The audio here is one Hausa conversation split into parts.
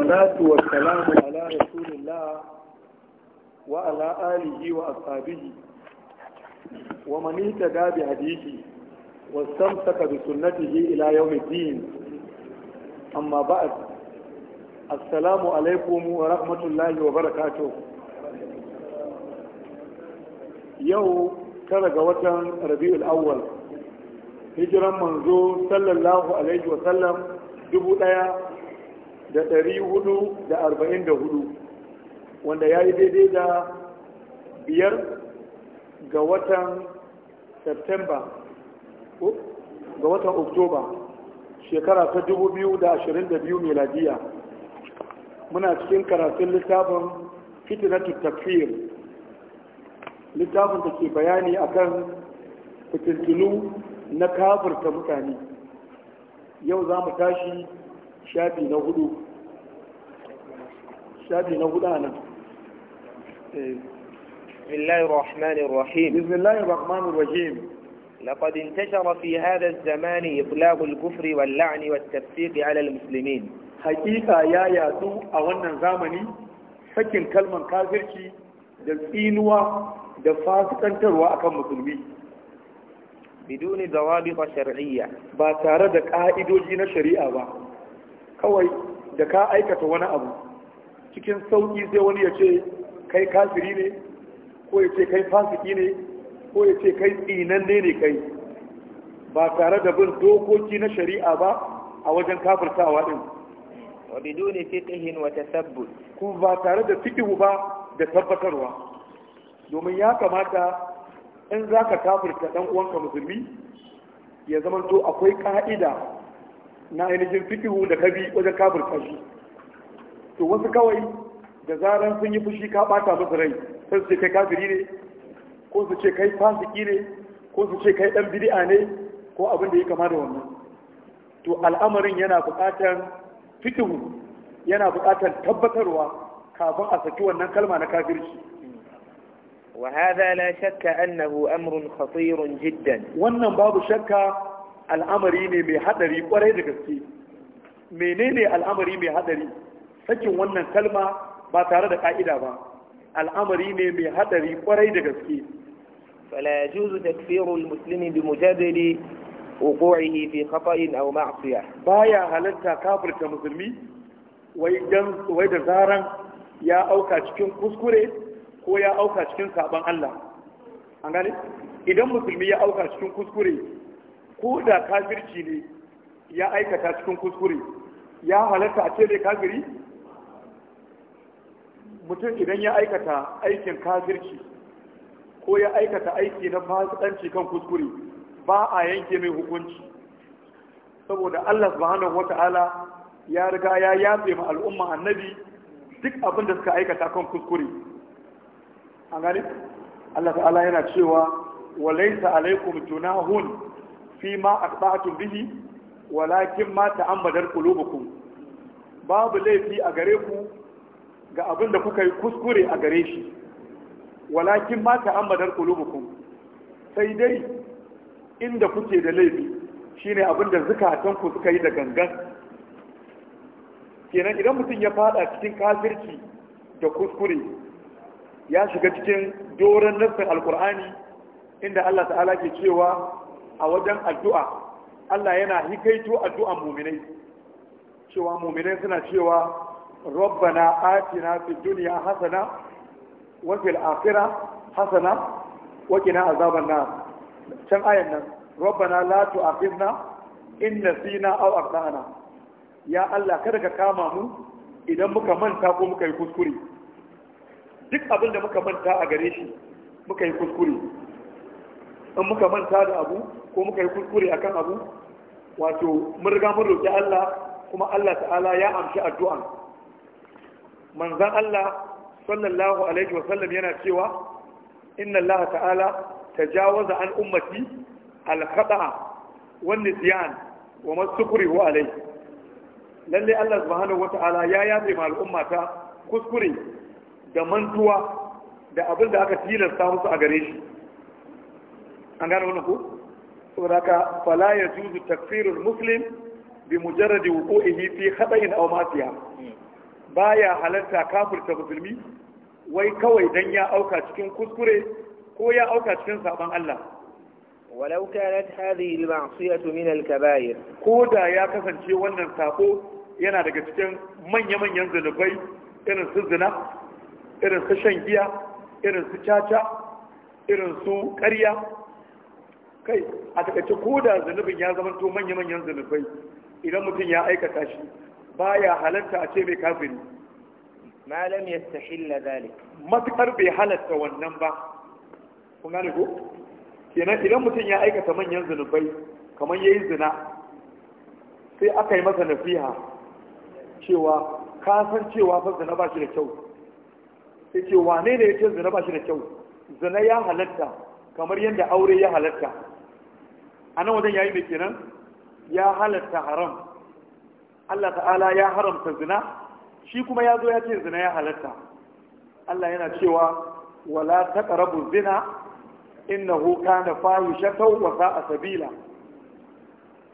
salatu wa salamu ala rasulillah wa ala alihi wa ashabihi wa man ittaba bi hadithi wa istamsaka bi sunnatihi ila yawm din amma ba'd assalamu alaikum wa rahmatullahi wa barakatuh yau kara ga watan rabiul awwal hijran manzo sallallahu alaihi wa sallam dubu daya da ɗari hudu da arba'in da hudu wanda ya yi daidai da biyar ga watan septemba ga watan oktoba shekara ta dubu biyu da ashirin da biyu meladiya muna cikin karatun littafin fitinatu tafiyar littafin da ke bayani akan fitintunu na kafirta mutane yau za mu tashi shafi na hudu shafi na hudu nan بسم الله الرحمن الرحيم بسم الله الرحمن الرحيم لقد انتشر في هذا الزمان إطلاق الكفر واللعن والتفسيق على المسلمين حقيقة يا ياسو أولا زامني فكن كلمة كافرشي دلسينوا دفاسقا تروى أكم مسلمي بدون ضوابط شرعية باتارة دكا إدوجين شريعة با كوي دكا أيكة وانا أبو cikin sauki sai wani ya ce kai kafiri ne ko ya ce kai fasiki ne ko ya ce kai tsinanne ne kai ba tare da bin dokoki na shari'a ba a wajen kafirtawa din ne biduni fiqhin wata tasabbut ku ba tare da fiqhu ba da tabbatarwa domin ya kamata in za ka kafirta ɗan uwanka musulmi ya zama to akwai ƙa'ida, na ainihin fiqhu da ka bi wajen kafirta shi to wasu kawai da zaran sun yi fushi ka bata musu rai sai su ce kai kafiri ne ko su ce kai fasiki ne ko su ce kai dan bid'a ne ko abin da ya kama da wannan to al'amarin yana buƙatar fikihu yana buƙatar tabbatarwa kafin a saki wannan kalma na kafirci وهذا la shakka annahu amrun khatirun jiddan. wannan babu shakka al'amari ne mai hadari kwarai da gaske menene al'amari mai hadari sakin wannan kalma ba tare da ƙa'ida ba al'amari ne mai haɗari kwarai da gaske fala yajuzu takfiru almuslimi bi mujadali wuqu'ihi fi khata'in aw ma'siya baya halatta kafirta musulmi wai dan wai da zaran ya auka cikin kuskure ko ya auka cikin saban Allah an idan musulmi ya auka cikin kuskure ko da kafirci ne ya aikata cikin kuskure ya halarta a ce dai kafiri mutum idan ya aikata aikin kafirci ko ya aikata aiki na fasikanci kan kuskure ba a yanke mai hukunci saboda Allah subhanahu wata'ala ya riga ya yafe ma al'umma annabi duk abin da suka aikata kan kuskure an gani Allah ta'ala yana cewa laysa alaikum junahun fi ma aqta'tum bihi walakin ma ta'ammadar qulubukum babu laifi a gare ku ga abin da kuka yi kuskure a gare shi walakin ma amadar qulubukum sai dai inda kuke da laifi shine abin da zukatan ku suka yi da gangan kenan idan mutum ya fada cikin kafirci da kuskure ya shiga cikin doron nassin alkur'ani inda Allah ta'ala ke cewa a wajen addu'a Allah yana hikaito addu'an muminai cewa muminai suna cewa ربنا آتنا في الدنيا حسنة وفي الآخرة حسنة وقنا عذاب النار كم آية ربنا لا تؤاخذنا إن نسينا أو أخطأنا يا الله كذا كاما مو idan muka manta ko muka yi kuskure duk abin da muka manta a gare shi muka yi kuskure in muka manta da abu ko muka yi kuskure akan abu wato mun riga mun roki Allah kuma Allah ta'ala ya amshi addu'an manzan Allah sallallahu alaihi wasallam yana cewa inna Allah ta'ala tajawaza an ummati al-khata'a wan nisyan wa masukrihu alai lalle Allah subhanahu wata'ala ya yafe ma al'ummata kuskure da mantuwa da abin da aka tilasta musu a gare shi an gane wannan ko saboda fala yajuzu takfirul muslim bi mujarradi wuqu'ihi fi khata'in aw ma'siyah baya halarta kafirta musulmi wai kawai dan ya auka cikin kuskure ko ya auka cikin saban Allah walau kanat hadhihi al-ma'siyatu min al-kaba'ir ko da ya kasance wannan sako yana daga cikin manya-manyan zulubai irin su zina irin su shan giya irin su caca irin su ƙarya kai a takaice ko da zulubin ya zama to manya-manyan zulubai idan mutum ya aikata shi baya halatta a ce mai kafiri malam yastahilla zalik matakar bai halatta wannan ba kun gane ko kenan idan mutum ya aikata manyan zunubai kamar yayi zina sai aka yi masa nasiha cewa ka san cewa fa zina ba shi da kyau sai ce wane ne yake zina ba shi da kyau zina ya halatta kamar yadda aure ya halatta a nan wajen yayi mai kenan ya halatta haram Allah ta'ala ya haramta zina shi kuma ya zo ya ce zina ya halatta Allah yana cewa wala taqrabu zina innahu kana fahishatan wa sa'a sabila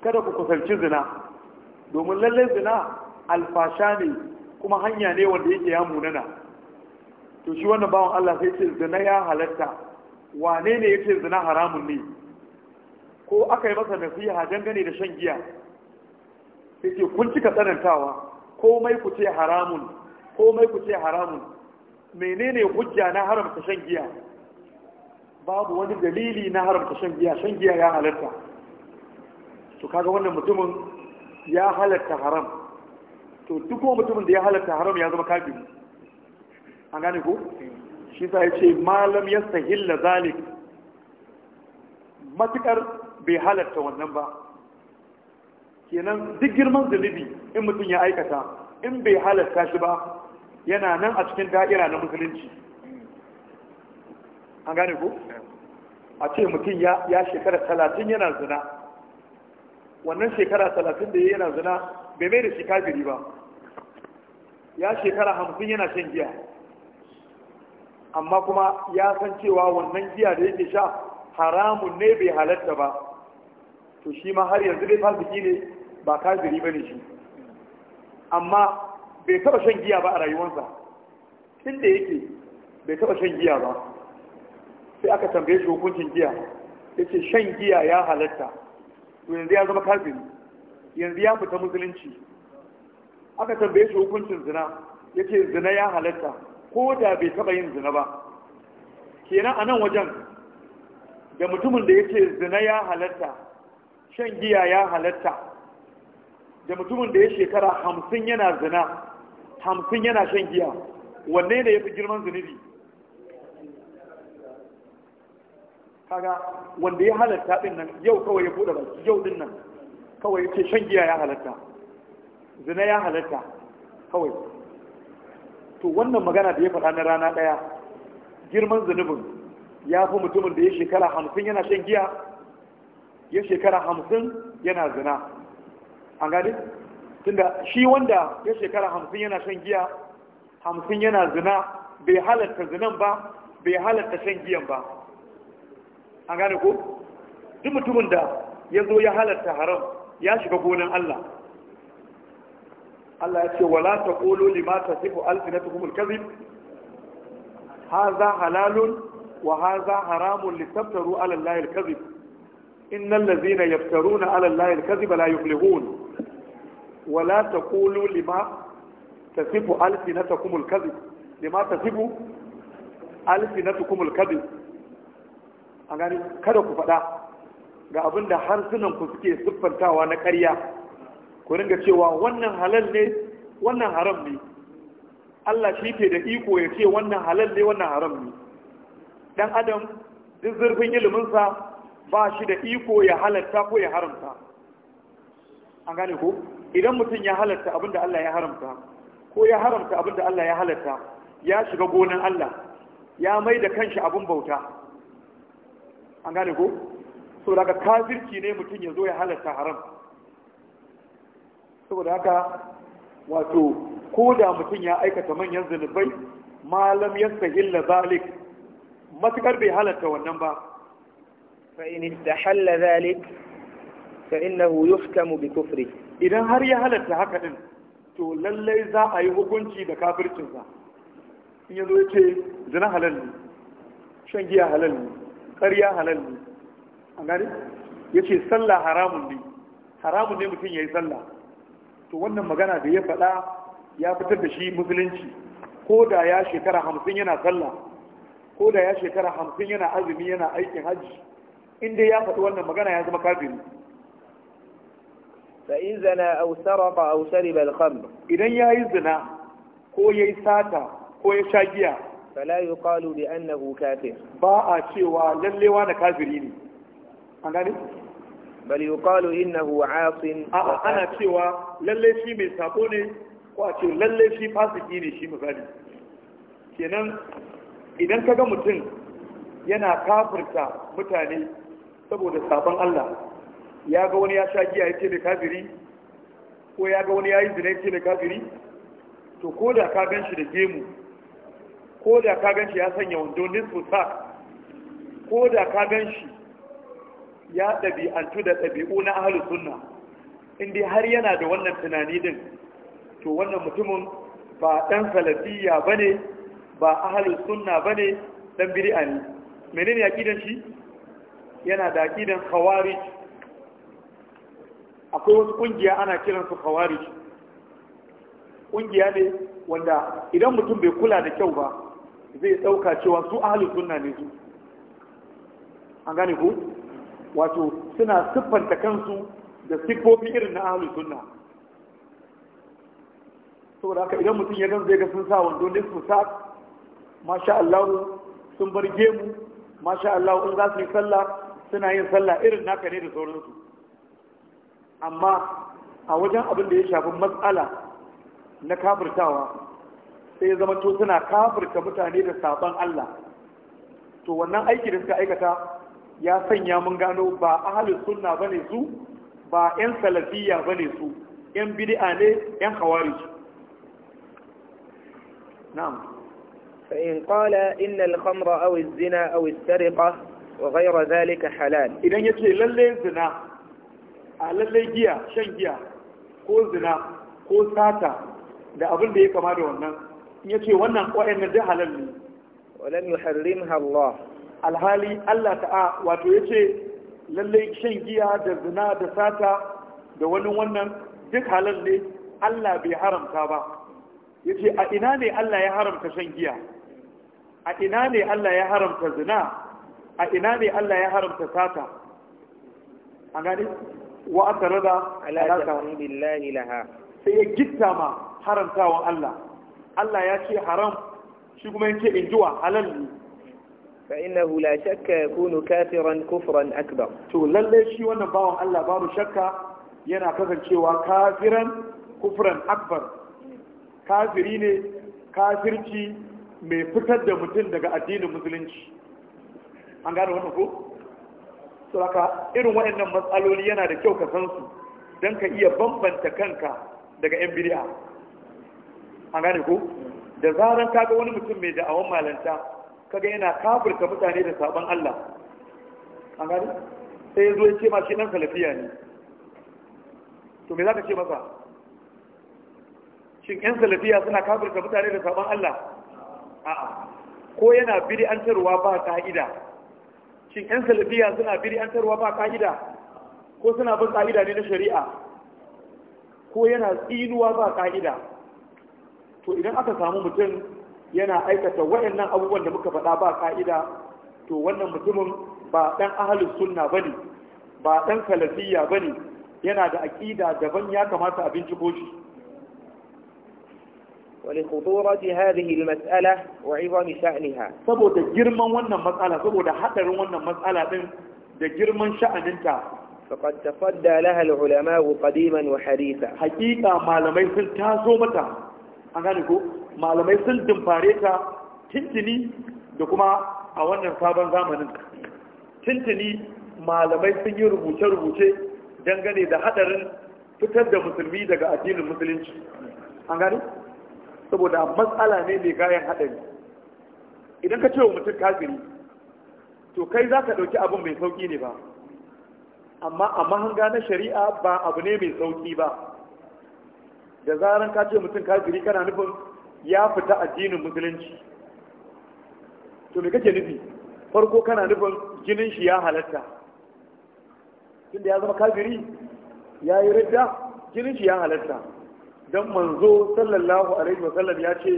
kada ku kusanci zina domin lalle zina alfasha ne kuma hanya ne wanda yake ya munana to shi wannan bawan Allah sai ce zina ya halatta wane ne yake zina haramun ne ko aka yi masa nasiha dangane da shan giya sai kun cika tsanantawa komai ku ce haramun komai ku ce haramun menene hujja na haramta shan giya babu wani dalili na haramta shan giya shan giya ya halatta to kaga wannan mutumin ya halatta haram to duk wani mutumin da ya halatta haram ya zama kafiri an gane ko shi sa ya ce malam yastahilla zalik matukar bai halatta wannan ba kenan duk girman zunubi in mutum ya aikata in bai halatta shi ba yana nan a cikin da'ira na musulunci an gane ku? a ce mutum ya shekara talatin yana zina wannan shekara talatin da ya yana zina bai mai da shi kafiri ba ya shekara hamsin yana shan giya amma kuma ya san cewa wannan giya da yake sha haramun ne bai halatta ba to shi ma har yanzu dai fasiki ne ba ba ne shi amma bai taba shan giya ba a rayuwarsa tun da yake bai taba shan giya ba sai aka tambaye shi hukuncin giya yace shan giya ya halatta to yanzu ya zama kafin yanzu ya fita musulunci aka tambaye shi hukuncin zina yace zina ya halatta ko da bai taba yin zina ba kenan a nan wajen da mutumin da yace zina ya halatta shan giya ya halatta da mutumin da ya shekara hamsin yana zina hamsin yana shan giya wanne ne ya fi girman zunubi kaga wanda ya halatta din nan yau kawai ya bude baki yau din nan kawai ya ce shan giya ya halatta zina ya halatta kawai to wannan magana da ya faɗa na rana ɗaya girman zunubin ya fi mutumin da ya shekara hamsin yana shan giya ya shekara hamsin yana zina an gani tunda shi wanda ya shekara hamsin yana shan giya hamsin yana zina bai halatta zinan ba bai halatta shan giyan ba an gani ko duk mutumin da ya zo ya halatta haram ya shiga gonan Allah Allah ya ce wala kolo lima tasifu kazi ha za halalun wa za haramun litaftaru ala allahi إن الذين yaftaruna على الله الكذب لا la ولا تقولوا لما taqulu lima tasifu alsinatukum al-kadhib lima tasifu alsinatukum al-kadhib an kada ku faɗa ga abin da harsunan ku suke siffantawa na ƙarya ku ringa cewa wannan halal ne wannan haram ne Allah shi ke da iko ya ce wannan halal ne wannan haram ne dan adam duk zurfin iliminsa ba shi da iko ya halatta ko ya haramta an gane ko idan mutum ya halatta abin da Allah ya haramta ko ya haramta abin da Allah ya halatta ya shiga gonan Allah ya mai da kanshi abin bauta an gane ko so daga kafirci ne mutum ya zo ya halatta haram saboda haka wato ko da mutum ya aikata manyan zunubai malam yasta hilla zalik matukar bai halatta wannan ba فإن استحل ذلك فإنه يحكم بكفره إذا هر يهلت هكذا to lallai za a yi hukunci da kafircinsa in yanzu ya ce zina halal ne shan giya halal ne ƙarya halal ne a gani ya ce sallah haramun ne haramun ne mutum ya yi sallah to wannan magana da ya faɗa ya fitar da shi musulunci ko da ya shekara hamsin yana sallah ko da ya shekara hamsin yana azumi yana aikin hajji inda ya faɗi wannan magana ya zama kafiri fa in zana aw saraqa aw shariba al-khamr idan yayi zina ko yi sata ko ya sha giya fala yuqalu bi annahu kafir ba a cewa lalle wani kafiri ne an gane bal yuqalu innahu asin ana cewa lalle shi mai sako ne ko a ce lalle shi fasiki ne shi misali kenan idan kaga mutum yana kafirta mutane saboda sabon Allah ya ga wani ya sha giya ya ce mai kafiri ko ya ga wani ya yi zina ya ce mai kafiri to ko da ka gan shi da gemu ko da ka gan shi ya sanya wando nisfu sa ko da ka gan shi ya ɗabi'antu da ɗabi'u na ahalus sunna in dai har yana da wannan tunani din to wannan mutumin ba ɗan salafiya ba ne ba ahalus sunna ba ne ɗan a ne menene ya ƙidan shi yana da akidan khawarij akwai wasu kungiya ana kiransu khawarij kungiya ne wanda idan mutum bai kula da kyau ba zai dauka cewa su ahlus sunna ne su an gane ku wato suna siffanta kansu da siffofi irin na ahlus sunna saboda haka idan mutum ya zai ga sun sa wando ne su sa masha Allah sun bar gemu masha Allah in za su yi sallah suna yin sallah irin naka ne da sauransu amma a wajen abin da ya shafi matsala na kafirtawa sai ya zamanto suna kafirta mutane da saban Allah to wannan aiki da suka aikata ya sanya mun gano ba ahalin sunna bane su ba 'yan salafiyya bane su 'yan bid'a ne 'yan khawarij na'am fa in qala inna al-khamra aw az-zina aw as-sariqa wa ghayra zalika halal idan ya ce lalle zina a lalle giya shan giya ko zina ko sata da abin da ya kama da wannan in ya ce wannan ƙwayan da halal ne walan yuharrimha Allah alhali Allah ta'a wato ya ce, lalle shan giya da zina da sata da wani wannan duk halal ne Allah bai haramta ba Ya ce a ina ne Allah ya haramta shan giya a ina ne Allah ya haramta zina a ina ne Allah ya haramta sata an gani wa aka rada alaka billahi laha sai ya gitta ma haramtawan Allah Allah ya ce haram shi kuma yake injuwa halal ne fa innahu la shakka yakunu kafiran kufran akbar to lalle shi wannan bawan Allah babu shakka yana kasancewa kafiran kufran akbar kafiri ne kafirci mai fitar da mutum daga addinin musulunci an gane wannan ko so haka irin waɗannan matsaloli yana da kyau ka san su don ka iya bambanta kanka daga yan bid'a an gane ko da zaran kaga wani mutum mai da'awan malanta kaga yana kafirta mutane da sabon Allah an gane sai ya zo ya ce ma shi ɗan salafiya ne to me za ka ce masa shin yan salafiya suna kafirta mutane da sabon Allah a'a ko yana bid'antarwa ba ka'ida shin yan salafiya suna biri an ba ka'ida ko suna bin ka'ida ne na shari'a ko yana tsinuwa ba ka'ida to idan aka samu mutum yana aikata wayannan abubuwan da muka faɗa ba ka'ida to wannan mutumin ba ɗan ahalin sunna ne, ba ɗan salafiya ba ne, yana da aƙida daban ya kamata a binciko shi ولخطورة هذه المسألة وعظم شأنها saboda girman wannan matsala saboda hadarin wannan matsala din da girman sha'aninta فقد تصدى لها العلماء قديما وحديثا حقيقة malamai sun taso mata an gane ko malamai sun dimfare ta tintini da kuma a wannan sabon zamanin tintini malamai sun yi rubuce-rubuce dangane da hadarin fitar da musulmi daga addinin musulunci an saboda matsala ne mai gayan haɗari idan ka ce wa mutum kafiri to kai za ka ɗauki abin mai sauƙi ne ba amma a mahanga na shari'a ba abu ne mai sauƙi ba da zarar ka ce mutum kafiri kana nufin ya fita addinin musulunci to me kake nufi farko kana nufin jinin shi ya halatta tunda ya zama kafiri ya yi ridda jinin shi ya halatta dan manzo sallallahu alaihi wasallam ya ce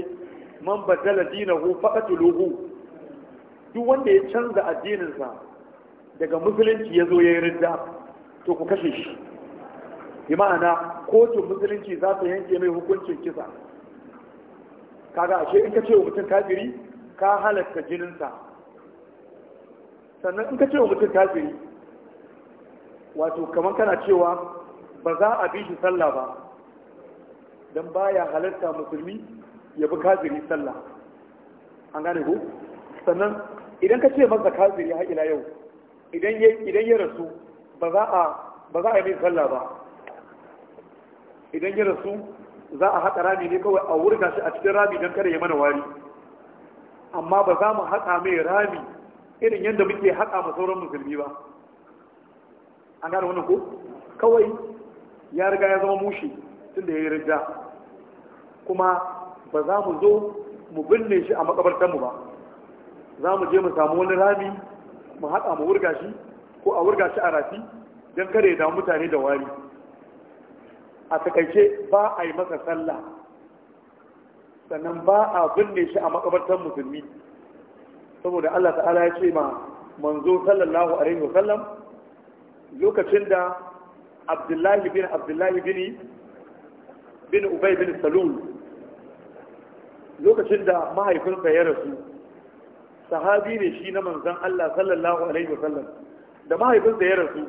man badala dinahu faqatuluhu duk wanda ya canza addininsa daga musulunci ya zo ya yi ridda to ku kashe shi bi ma'ana kotun musulunci za ta yanke mai hukuncin kisa kaga ashe in ka ce wa mutum kafiri ka halatta jininsa sannan in ka ce wa mutum kafiri wato kamar kana cewa ba za a bi shi sallah ba don baya halarta musulmi ya bi kafiri sallah an gane ko sannan idan ka ce masa kafiri har ila yau idan ya rasu ba za a ba yi sallah ba idan ya rasu za a haƙa rami ne kawai a wurga shi a cikin rami don kada ya mana wari amma ba za mu haƙa mai rami irin yadda muke haƙa ma sauran musulmi ba an gane wannan ko kawai ya riga ya zama mushi tunda yi rija, kuma ba za mu zo mu binne shi a makabartan mu ba za mu je mu samu wani rami mu haɗa mu wurga shi ko a wurga shi a rafi don kare da mutane da wari a takaice ba a yi masa sallah sannan ba a binne shi a makabartan musulmi saboda Allah ta'ala ya ce ma manzo sallallahu alaihi wasallam lokacin da Abdullahi bin Abdullahi bin bin ubay bin salul lokacin da mahaifinsa ya rasu sahabi ne shi na manzan Allah sallallahu alaihi wasallam da mahaifinsa ya rasu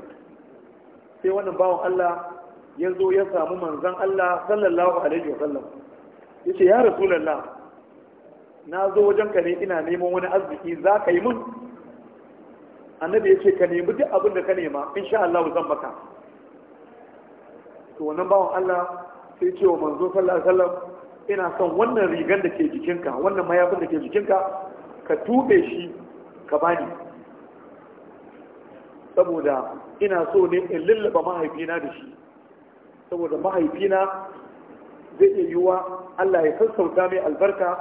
sai wannan bawan Allah ya zo ya samu manzan Allah sallallahu alaihi wasallam ya ce ya rasulallah na zo wajen ka ne ina neman wani arziki za ka yi mun annabi ya ce ka nemi duk abin da ka nema sha Allah zan maka to wannan bawan Allah sai ce wa manzo sallallahu alaihi wasallam ina son wannan rigan da ke jikinka wannan mayafin da ke jikinka ka tube shi ka bani saboda ina so ne in lullaba mahaifina da shi saboda mahaifina zai iya yiwuwa Allah ya sassauta mai albarka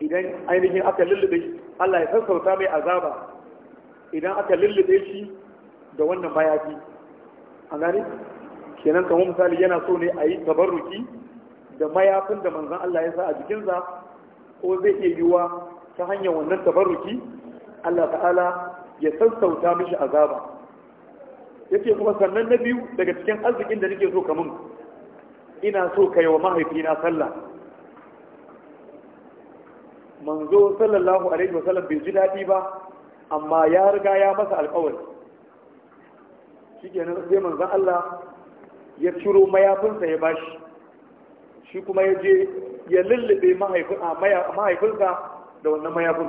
idan ainihin aka lullube Allah ya sassauta mai azaba idan aka lullube shi da wannan mayafi an gani kenan kamar misali yana so ne a yi tabarruki da mayafin da manzan Allah ya sa a jikinsa ko zai iya yiwuwa ta hanyar wannan tabarruki Allah ta'ala ya sassauta mishi azaba yake kuma sannan na biyu daga cikin arzikin da nake so ka mun ina so ka yi wa mahaifina sallah manzo sallallahu alaihi wasallam bai ji daɗi ba amma ya riga ya masa alƙawari kenan sai manzon Allah ya ciro mayafinsa ya bashi shi kuma ya je ya lullube mahaifinsa da wannan mayafin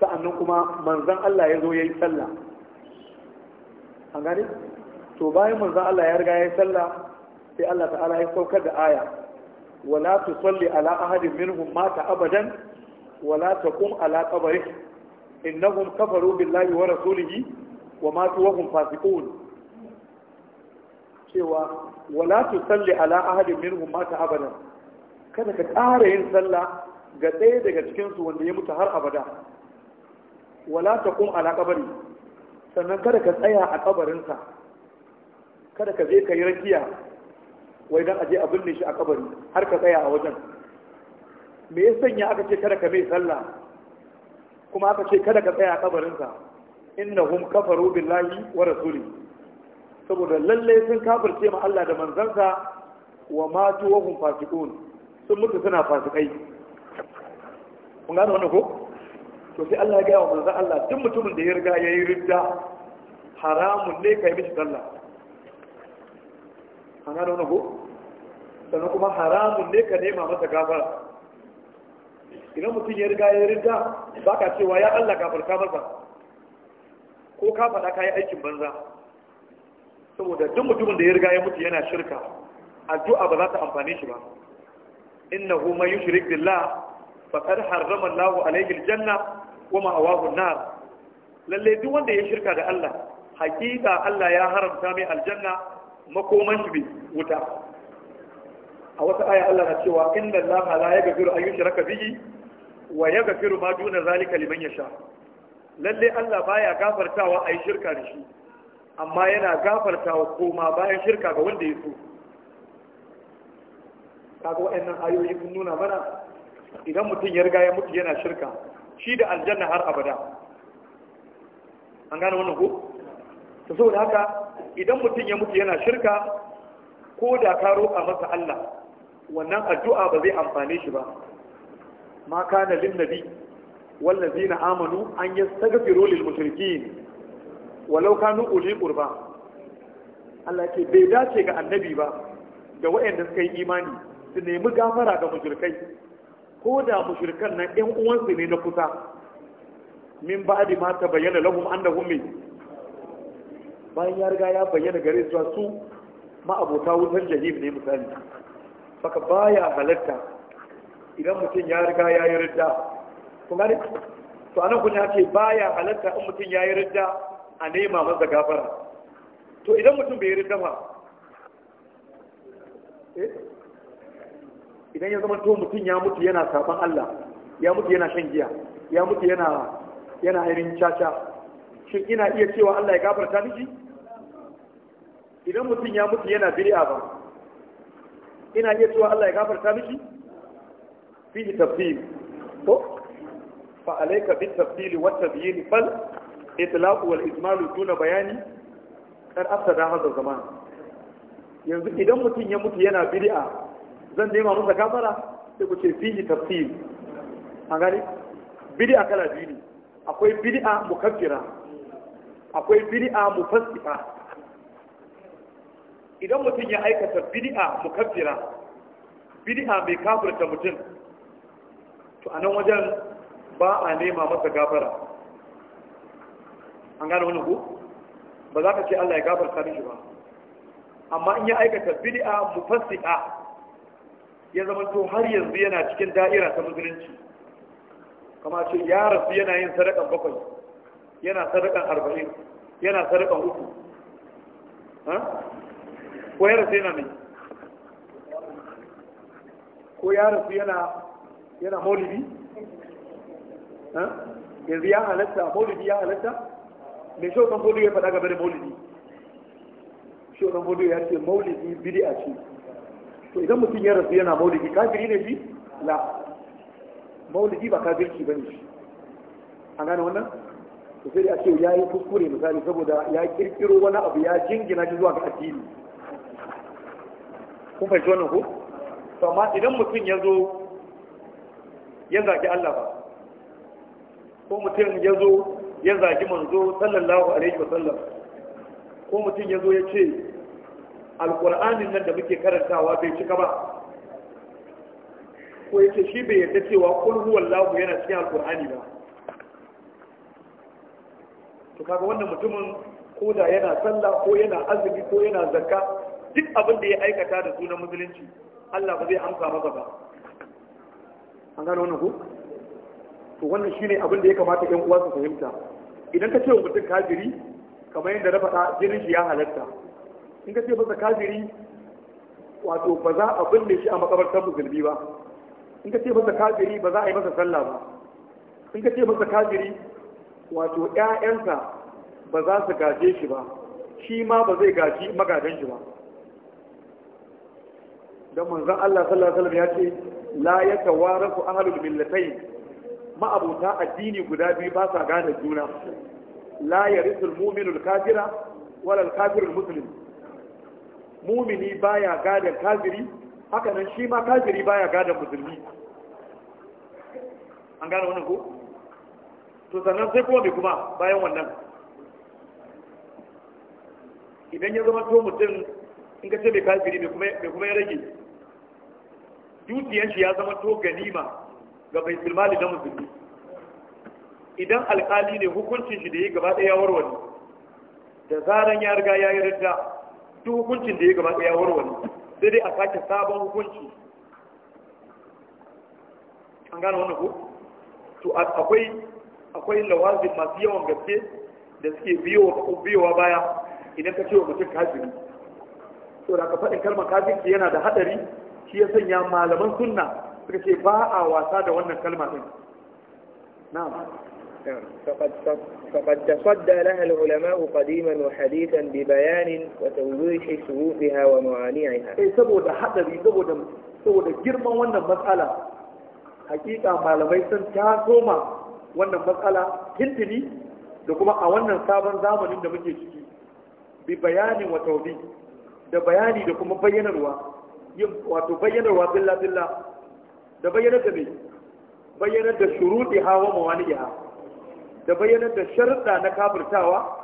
sa'annan kuma manzan Allah ya zo ya yi sallah an gani to bayan manzan Allah ya riga ya yi sallah sai Allah ta'ala ya saukar da aya wala tu salli ala ahadin minhum mata abadan wala taqum ala qabrih innahum kafaru billahi wa rasulihi wa matu wa hum cewa wala tu salli ala ahadin minhum mata abadan kada ka ƙara yin sallah ga ɗaya daga cikin su wanda ya mutu har abada wala ta ala kabari sannan kada ka tsaya a sa kada ka je ka yi rakiya wai dan aje a binne shi a kabari har ka tsaya a wajen me ya sanya aka ce kada ka mai sallah kuma aka ce kada ka tsaya a sa innahum kafaru billahi wa rasulihi saboda lallai sun kafirce ma Allah da manzansa wa matu wa hum fasiqun sun mutu suna fasikai kun gane wannan ko to sai Allah ya gaya wa manzan Allah duk mutumin da ya riga ya yi ridda haramun ne kai mishi sallah kun gane wannan ko sannan kuma haramun ne ka nema masa gafara idan mutum ya riga ya ridda, ba ka cewa ya Allah gafarta masa ko ka faɗa ka yi aikin banza saboda duk mutumin da ya riga ya mutu yana shirka addu'a ba za ta amfani shi ba innahu man yushrik billah faqad harrama Allahu alayhi aljanna wa ma'awahu an-nar lalle duk wanda ya shirka da Allah hakika Allah ya haramta mai aljanna makoman shi wuta a wata aya Allah na cewa inna Allah la yaghfiru an yushraka bihi wa yaghfiru ma duna zalika liman yasha lalle Allah baya gafartawa ayi shirka da shi amma yana gafarta wa koma bayan shirka ga wanda ya so kaga wa'annan ayoyi sun nuna mana idan mutum ya riga ya mutu yana shirka shi da aljanna har abada an gane wannan ko to saboda haka idan mutum ya mutu yana shirka ko da ka roƙa masa Allah wannan addu'a ba zai amfane shi ba ma kana lin nabi ladina amanu an yastaghfiru lil mushrikeen walau kanu uli qurba Allah ce bai dace ga annabi ba da waɗanda suka yi imani su nemi gafara ga mushrikai ko da mushrikan nan ɗan uwansu ne na kusa min ba ba'di ma bayyana lahum annahum min bayan ya riga ya bayyana gare su su ma'abota wutar jahim ne misali baka baya halatta idan mutum ya riga ya yi ridda Kuma ne? to anan kun ya ce baya halatta in mutum ya yi ridda a nema masa gafara to idan mutum bai rinda eh, idan ya zama to mutum ya mutu yana saban Allah ya mutu yana shan giya ya mutu yana yana ainihin caca shin ina iya cewa Allah ya gafarta miki idan mutum ya mutu yana bid'a ba ina iya cewa Allah ya gafarta miki fi tafsir to fa alayka bit tafsir wa tabyin bal itlaqu wal ijmalu duna bayani kar afsada hadha zaman yanzu idan mutum ya mutu yana bid'a zan nema masa gafara sai ku ce fihi tafsir an gani bid'a kala biyu ne akwai bid'a mukaffira akwai bid'a mufassifa idan mutum ya aikata bid'a mukaffira bid'a mai kafirta mutum to a nan wajen ba a nema masa gafara an gane wani ku ba za ka ce Allah ya gafarta mishi ba amma in ya aikata bid'a mufassiqa ya zama to har yanzu yana cikin da'ira ta musulunci kama ce ya rasu yana yin sadakan bakwai yana sadakan arba'in yana sadakan uku ko ya rasu yana mai ko ya rasu yana yana maulidi yanzu ya halatta maulidi ya halatta mai shi ɗan ya faɗa game da maulidi shi ɗan ya ce maulidi a ce to idan mutum ya rasu yana maulidi kafiri ne shi la maulidi ba kafirci ne. shi an gane wannan to sai a ce ya yi kuskure misali saboda ya kirkiro wani abu ya jingina shi zuwa ga addini kun fahimci wannan ko to amma idan mutum ya zo ya zaki Allah ba ko mutum ya zo ya zagi manzo sallallahu alaihi wa sallam ko mutum ya zo ya ce alƙur'anin nan da muke karantawa bai cika ba ko ya ce shi bai yarda cewa kul huwallahu yana cikin alƙur'ani ba to kaga wannan mutumin ko da yana sallah ko yana azumi ko yana zakka duk abin da ya aikata da sunan musulunci Allah ba zai amsa masa ba an gano wannan ko to wannan shine abin da ya kamata ƴan uwa su fahimta idan ka ce wa mutum kafiri kamar yadda na faɗa jinin shi ya halatta in ka ce masa kafiri wato ba za a binne shi a makabartar musulmi ba in ka ce masa kafiri ba za a yi masa sallah ba in ka ce masa kafiri wato ƴaƴansa ba za su gaje shi ba shi ma ba zai gaji magadan shi ba dan manzon Allah sallallahu alaihi wasallam ya ce la yatawarasu ahlul millatayn ma'abuta addini guda biyu ba sa gane juna la yarisul mu'minul kafira wala al-kafirul muslim mumini baya gadan kafiri haka nan shi ma kafiri baya gadan musulmi an gane wannan ko to sannan sai kuma mai kuma bayan wannan idan ya zama to mutum in ka ce mai kafiri mai kuma ya rage dukiyan shi ya zama to ganima ga baitul silmali na musulmi idan alkali ne hukuncin shi da ya gaba ɗaya warware da zaran ya riga ya yi rinta duk hukuncin da ya gaba ɗaya warware sai dai a sake sabon hukunci an gane wannan ku to akwai akwai lawazin masu yawan gaske da suke biyowa baya idan ka ce wa mutum kafiri to da ka faɗin kalmar kafirci yana da haɗari shi ya sanya malaman sunna suka ce ba a wasa da wannan kalma din na'am فقد تصدى لها العلماء قديما وحديثا ببيان وتوضيح شروطها ومعانيها اي saboda hadari saboda saboda girman wannan matsala hakika malamai sun ta koma wannan matsala tintini da kuma a wannan sabon zamanin da muke ciki bi bayanin wa tawbi da bayani da kuma bayyanarwa yin wato bayyanarwa billah billah da bayyana da mai bayyana da shuruɗi hawa ha, da bayyana da sharuɗa na kafirtawa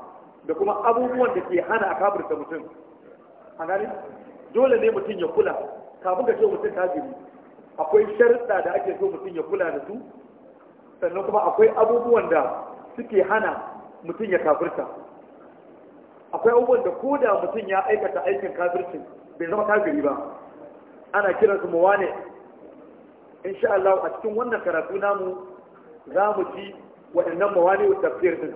da kuma abubuwan da ke hana a kafirta mutum a gani dole ne mutum ya kula kafin ka ce mutum kafiri akwai sharuɗa da ake so mutum ya kula da su sannan kuma akwai abubuwan da suke hana mutum ya kafirta akwai abubuwan da ko da mutum ya aikata aikin kafircin bai zama kafiri ba ana kiransu mawane In Allah a cikin wannan karatu namu za mu ji waɗannan mawani wa tafsir din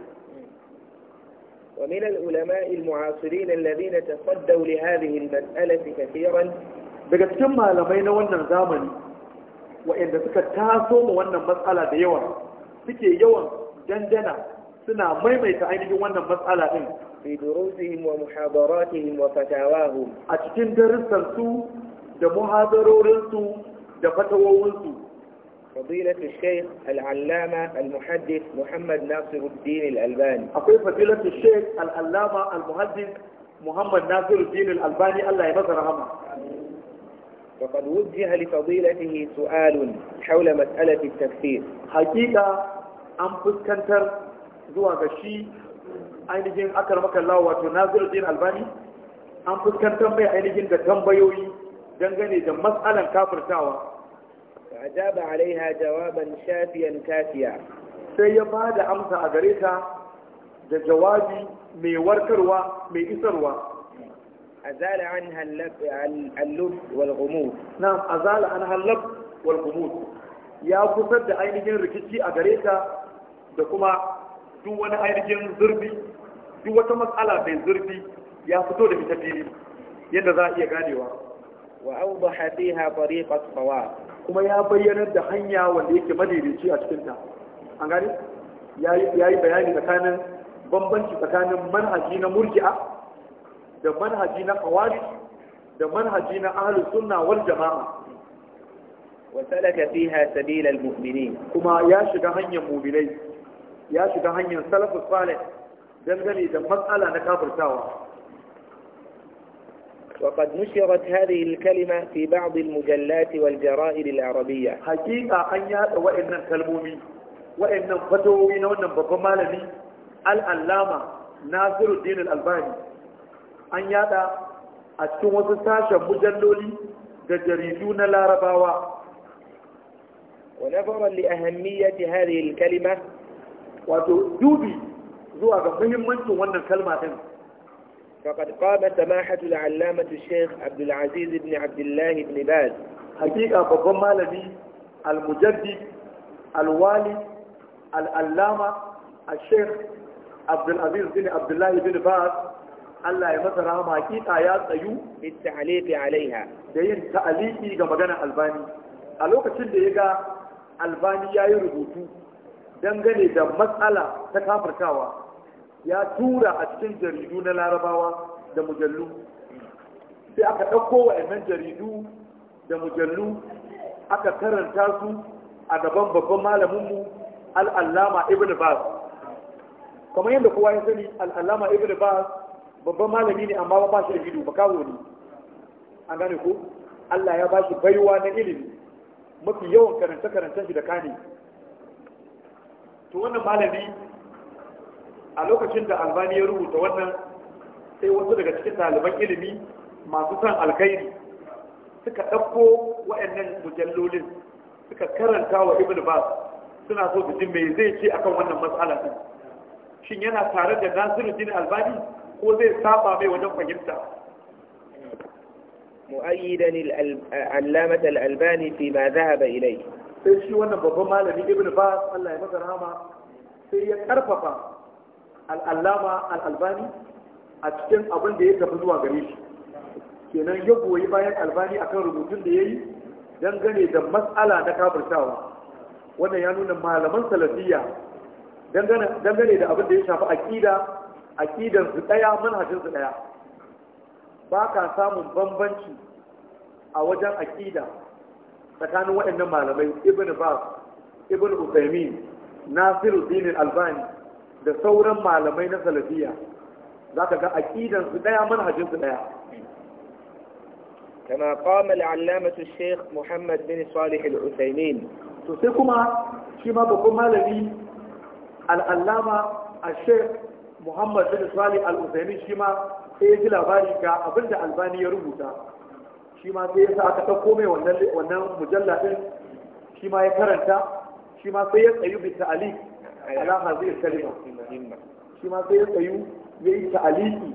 ومن العلماء المعاصرين الذين تصدوا لهذه المسألة كثيرا daga cikin malamai na wannan zamani waɗanda suka taso ma wannan matsala da yawa suke yawan dandana suna maimaita ainihin wannan matsala din fi durusihim wa muhadaratihim wa a cikin darussan su da muhadarorin su da fatawowinsu فضيلة الشيخ العلامة المحدث محمد ناصر الدين الألباني أقول فضيلة الشيخ العلامة المحدث محمد ناصر الدين الألباني الله يبارك رحمه وقد وجه لفضيلته سؤال حول مسألة التكفير حقيقة أم فسكنتر زوا غشي ainihin akar maka lawa wato Nasiruddin Albani an fuskantar mai ainihin da tambayoyi dangane da matsalan kafirtawa ajaba alaiha jawaban shafiyan kafiya sai ya ba amsa a gare ta da jawabi mai warkarwa mai isarwa an hallab al-lub wal ya kusar da ainihin rikici a gare ta da kuma duk wani ainihin zurbi duk wata matsala mai zurfi ya fito da fita fitafili yadda za a iya ganewa wa awdaha fiha tariqat sawa kuma ya bayyanar da hanya wanda yake madaidaici a cikin ta an bayani tsakanin bambanci tsakanin manhaji na murji'a da manhaji na khawarij da manhaji na ahlus sunna wal jama'a وسلك فيها سبيل المؤمنين كما يا شيغا هنيا مؤمنين يا شيغا هنيا سلف الصالح دنگني da matsala na kafirtawa وقد نشرت هذه الكلمة في بعض المجلات والجرائد العربية حقيقة أن يهد وإن كلمومي وإن فتوين وإن ببمالمي الألامة ناصر الدين الألباني أن يهد أتكون وسساشا مجلولي جريدون العرباوة ونظرا لأهمية هذه الكلمة وتدوبي زوغ مهمة وأن الكلمة هنا فقد قام سماحة العلامة الشيخ عبد العزيز بن عبد الله بن باز حقيقة بقوم مالبي المجدد الوالي العلامة الشيخ عبد العزيز بن عبد الله بن باز Allah ya masa rahama kika ya tsayu bitta'aliqi alaiha da yin ta'aliki ga magana Albani a lokacin da ya ga Albani ya yi rubutu dangane da matsala ta kafirtawa ya tura a cikin jaridu na larabawa da mujallu sai aka ɗauko wa ɗan jaridu da mujallu aka karanta su a gaban babban malaminmu al'allama ibn bas kamar yadda kowa ya sani al'allama ibn bas babban malami ne amma ba shi da gido ba kawo ne an gane ko allah ya ba shi baiwa na ilimi mafi yawan karance-karancen shi da kane to wannan malami a lokacin da albani ya rubuta wannan sai wasu daga cikin ɗaliban ilimi masu son alkhairi suka ɗauko wa'annan mujallolin suka karanta wa ibn bas suna so su ji me zai ce akan wannan matsala din shin yana tare da Nasiru din albani ko zai saba mai wajen fahimta مؤيدا علامة الألباني فيما ذهب إليه sai shi wannan babban malami ibn bas Allah ya masa rahama sai ya karfafa al'allama al'albani a cikin abin da ya tafi zuwa gare shi kenan ya goyi bayan albani akan rubutun da ya yi dangane da matsala na kafirtawa wannan ya nuna malaman salafiya, dangane da abin da ya shafi aƙida aƙidan su ɗaya manhajin su ɗaya ba ka samun bambanci a wajen aƙida tsakanin waɗannan malamai ibn bas ibn nasiru dinin albani da sauran malamai na salafiya za ka ga aƙidansu ɗaya manhajinsu ɗaya كما قام العلامة الشيخ محمد بن صالح العثيمين تسيكما كما بكم الذي العلامة الشيخ محمد بن صالح العثيمين كما سيجي لباري كأبند ألباني يربوتا كما سيسا أتكومي ونن مجلد كما يكرنتا كما سيسا يبي التعليق ala hazir kalima shi ma sai ya tsayu ya yi ta'aliki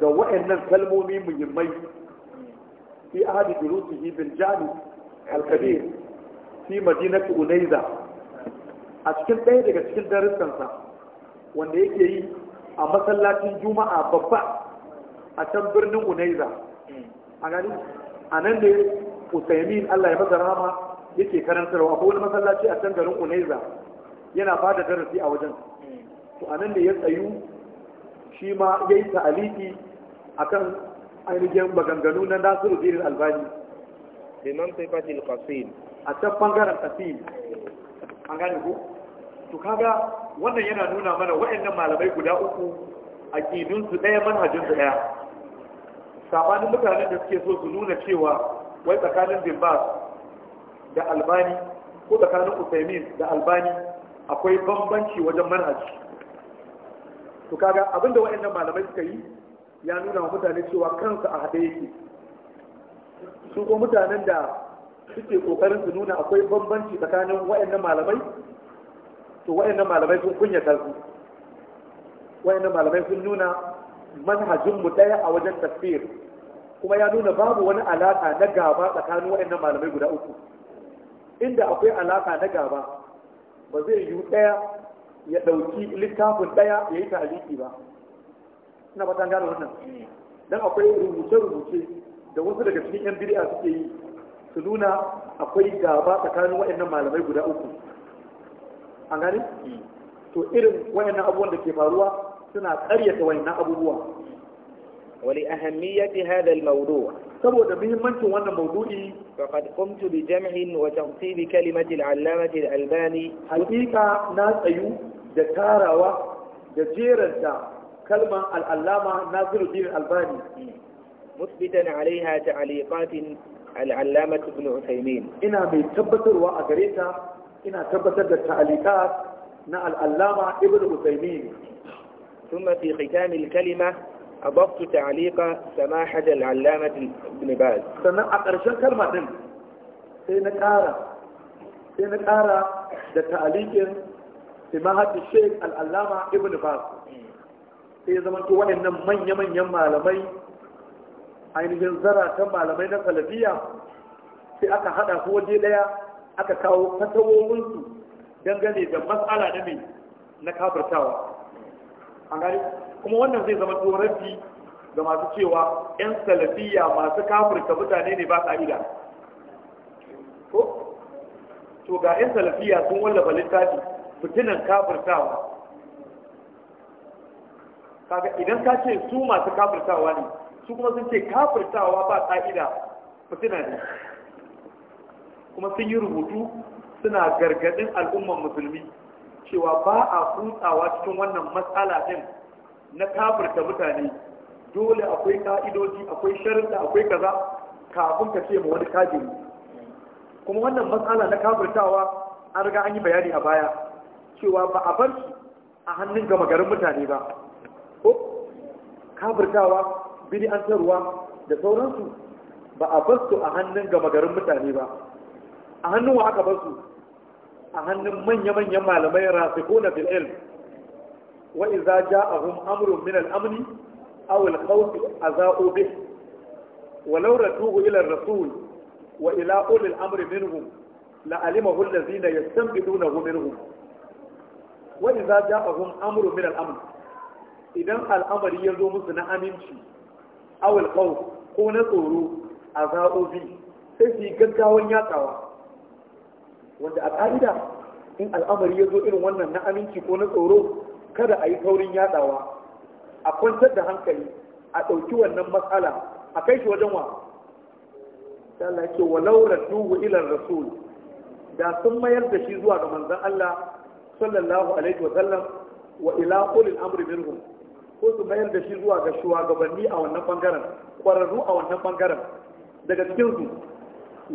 ga wa'annan kalmomi muhimmai fi ahadi durusihi bin jami al-kabir fi madinati unaiza a cikin ɗaya daga cikin darussansa wanda yake yi a masallacin juma'a babba a can birnin unaiza a gani a nan ne usaimin allah ya masa rama yake karantarwa ko wani masallaci a can garin unaiza yana ba da darasi a wajen to a nan da ya tsayu shi ma ya yi ta'aliki a kan ainihin maganganu na nasiru zirin albani liman sifatil qasim a can bangaren qasim an gane ko to kaga wannan yana nuna mana waɗannan malamai guda uku a su daya manhajin su daya sabanin mutanen da suke so su nuna cewa wai tsakanin bin da albani ko tsakanin usaimin da albani akwai bambanci wajen manhaji to kaga abinda waɗannan malamai suka yi ya nuna wa mutane cewa kansa a haɗe yake su ko mutanen da suke kokarin su nuna akwai bambanci tsakanin waɗannan malamai to waɗannan malamai sun kunya su waɗannan malamai sun nuna manhajin mu ɗaya a wajen tafsir kuma ya nuna babu wani alaka na gaba tsakanin waɗannan malamai guda uku inda akwai alaka na gaba ba zai yi ɗaya ya ɗauki littafin ɗaya ya yi tarihi ba ina fatan gane wannan dan akwai rubuce-rubuce da wasu daga cikin yan bid'a suke yi su nuna akwai gaba tsakanin wayannan malamai guda uku an gane to irin wayannan abubuwan da ke faruwa suna ƙaryata wayannan abubuwa ولأهمية al-mawdu' saboda muhimmancin wannan maudu'i faqad qumtu bi jam'in wa tartibi kalimati al-allamati al-albani haqiqa na tsayu da tarawa da jeranta kalman al-allama nazirudin al-Albani musbitan alaiha ta'liqat al-allama ibn Uthaymeen ina mai tabbatarwa a gare ta ina tabbatar da ta'liqat na al-allama ibn Uthaymeen ثم في ختام الكلمة abokta ta'aliqa sama hajjar al'amadin ibn baz sannan a ƙarshen kalma ɗin sai na ƙara da ta'aliqin sima hajjar al al'allama ibn baz sai ya zamanto waɗannan manya-manyan malamai ainihin zara ta malamai na salafiya sai aka haɗa su waje ɗaya aka kawo fatawominsu dangane da matsala na mai kuma wannan zai zama tsorafi ga masu cewa 'yan salafiya masu kafirta mutane ne ba ka'ida to ga 'yan salafiya sun wallafa littafi fitinan kafirtawa kaga idan ka ce su masu kafirtawa ne su kuma sun ce kafirtawa ba ka'ida fitina ne kuma sun yi rubutu suna gargadin al'umman musulmi cewa ba a kutsawa cikin wannan matsala din na kafirta mutane dole akwai ka'idoji akwai sharuɗa akwai kaza kafin ka ce ma wani kafiri kuma wannan matsala na kafirtawa an riga an yi bayani a baya cewa ba a bar a hannun gama garin mutane ba ko kafirtawa tarwa da sauransu ba a bar su a hannun gama garin mutane ba a hannun wa aka bar su a hannun manya-manyan malamai rasikuna fil wa idza ja'ahum amrun min al-amni aw al-khawf aza'u wa law raduhu ila ar-rasul wa ila ulil al-amri minhum la alimahu allazina yastanbidunahu minhum wa idza ja'ahum amrun min al idan al'amari ya zo musu na aminci aw al ko na tsoro aza'u yi gaggawan yatsawa wanda a ƙa'ida in al'amari ya zo irin wannan na aminci ko na tsoro kada a yi taurin yadawa a kwantar da hankali a ɗauki wannan matsala a kai shi wajen wa Allah ce walau radduhu ila rasul da sun mayar da shi zuwa ga manzon Allah sallallahu alaihi wa sallam wa ila ulil amri minhum ko su mayar da shi zuwa ga shugabanni a wannan bangaren kwararru a wannan bangaren daga cikin su